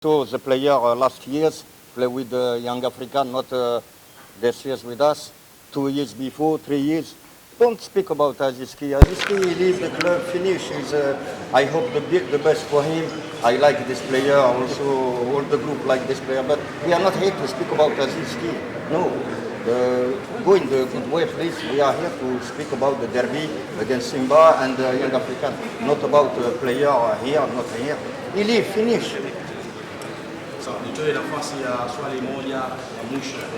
to the player uh, last years play with uh, young African, not uh, this years with us. Two years before, three years. Don't speak about Aziski. Aziski leave the club, finish. Is uh, I hope the, the best for him. I like this player. Also, all the group like this player. But we are not here to speak about Aziski. No. Uh, go in the good way, please. We are here to speak about the derby against Simba and uh, Young African, not about uh, player here, not here. He leave, finish sawa, nitoe nafasi ya swali moja la mwisho uh,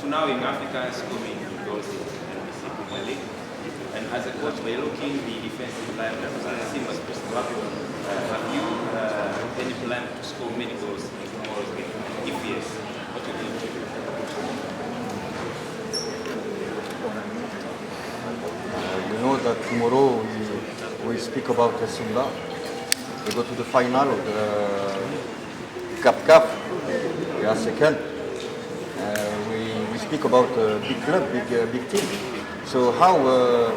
tunao in Africa so many goals in the Super League and as a coach by looking the defensive line that was the same as Crystal have you uh, any plan to score many goals in tomorrow's game if yes that tomorrow we, we speak about Sunda. We go to the final of the uh, Cup Cup. We are second. Uh, we, we speak about a uh, big club, big, uh, big team. So how uh,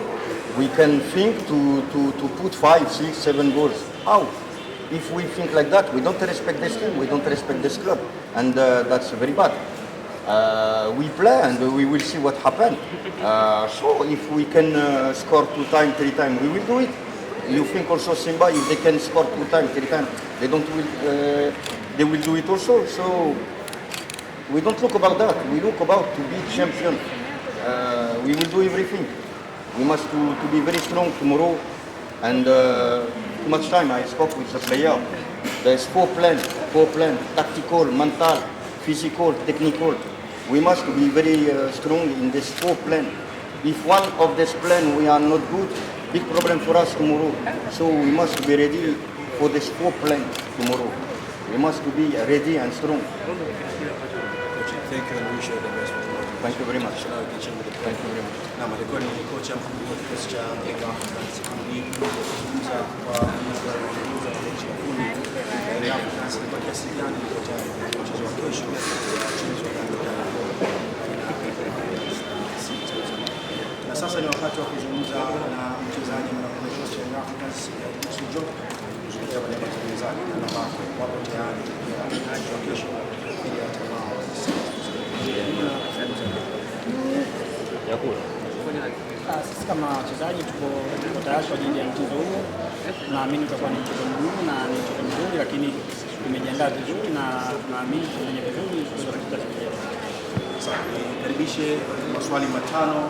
we can think to, to, to put five, six, seven goals? How? If we think like that, we don't respect this team, we don't respect this club, and uh, that's very bad. Uh, we play and we will see what happens. Uh, so if we can uh, score two times, three times, we will do it. You think also Simba, if they can score two times, three times, they don't will, they will do it also. So we don't look about that. We look about to be champion. Uh, we will do everything. We must to, to be very strong tomorrow. And uh, too much time I spoke with the player. There's four plans, four plans, tactical, mental, physical, technical we must be very uh, strong in this four plan. If one of this plan we are not good, big problem for us tomorrow. So we must be ready for this four plan tomorrow. We must be ready and strong. Thank you and wish you the best. Thank you very much. Thank you very much. sasa ni wakati wa kuzungumza na mchezaji na wapo tayari kwa kesho ili ah, sisi kama wachezaji tuko tayari kwa ajili ya mchezo huo. Naamini utakuwa ni mchezo mgumu na ni mchezo mzuri, lakini tumejiandaa vizuri na tunaamini tufanye vizuri. Karibishe maswali matano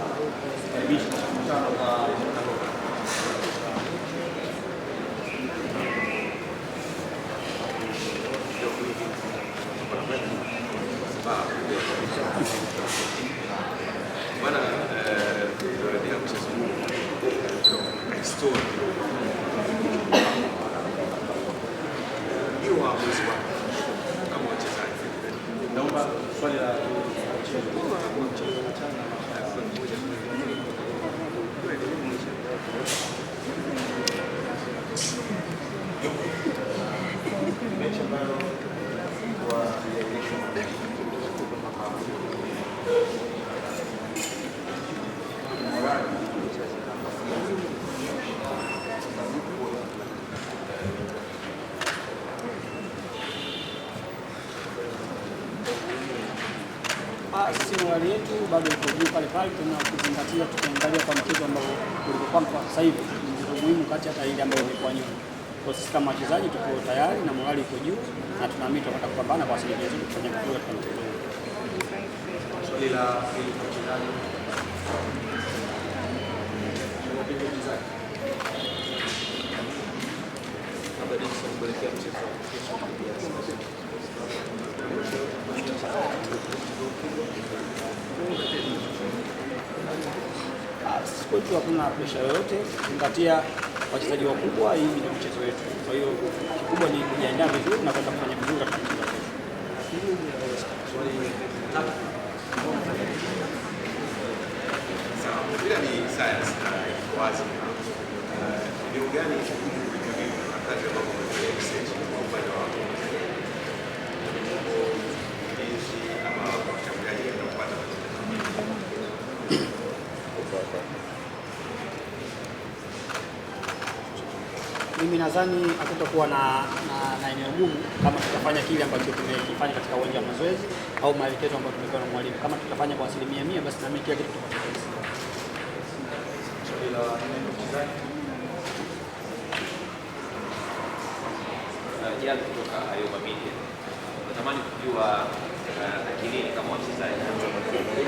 swali la mchezo senhorito, bagulho, para o para terminar a apresentação. kuangalia kwa mchezo ambao ulikuwa kwa sasa hivi muhimu kati hata ile ambayo ilikuwa nyuma. Kwa sisi kama wachezaji tuko tayari na morali iko juu na tunaamini tutapata kupambana kwa asilimia zote kufanya kitu katika mchezo huu. Swali la pili kwa wachezaji. Habari za mchezo kwetu hakuna presha yoyote, kuzingatia wachezaji wakubwa, hii ndio mchezo wetu. Kwa hiyo kikubwa ni kujiandaa vizuri na kwenda kufanya vizuri katika mchezo wetu. Sawa, bila ni science na uh, iko wazi. Uh, ndio gani mimi nadhani hakutakuwa na, na, na eneo gumu kama tutafanya kile ambacho tumekifanya katika uwanja wa mazoezi au maelekezo ambayo tumepewa na mwalimu. Kama tutafanya kwa asilimia mia, basi na mimi kila kitu natamani kujua eh, akilini kama wachezaji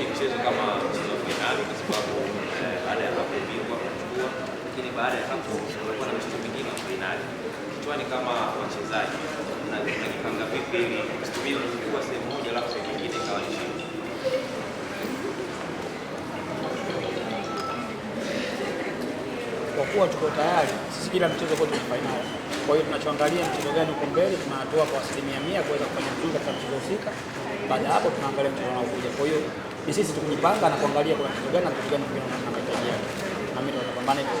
ni mchezo kama mchezo wa fainali, kwa sababu eh, baada ya hapo bingwa lakini baada ya hapo fainali kichwani kama wachezaji, najipanga vipi ili msitumie kwa sehemu moja alafu sehemu nyingine ikawa ni shida? Kwa kuwa tuko tayari sisi, kila mchezo kwetu ni fainali. Kwa hiyo tunachoangalia mchezo gani uko mbele, tunatoa kwa asilimia mia kuweza kufanya vizuri katika mchezo husika. Baada ya hapo, tunaangalia mchezo unaokuja. Kwa hiyo ni sisi tukujipanga na kuangalia kuna mchezo gani na mchezo gani tunahitaji, na mimi nitapambana hivyo.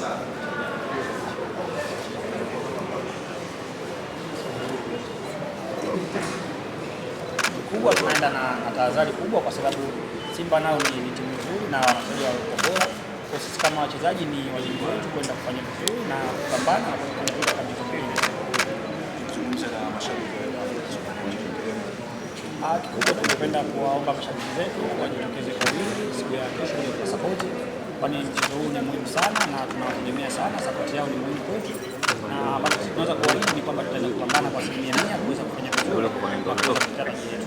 sana. Kubwa tunaenda na, na tahadhari kubwa kwa sababu Simba nao ni, ni timu nzuri na wanachezaji wako bora. Kwa sisi kama wachezaji ni wajibu wetu kwenda kufanya vizuri na kupambana na kuendelea kabisa pili. Tuzungumze na mashabiki wetu. Ah, kikubwa tunapenda kuwaomba mashabiki zetu wajitokeze kwa wingi siku ya kesho kwa kusapoti kwani mchezo huu ni muhimu sana na tunawategemea sana, sapoti yao ni muhimu kwetu, na ambacho tunaweza kuahidi ni kwamba tutaenda kupambana kwa asilimia mia kuweza kufanya vizuri na kuweza yetu.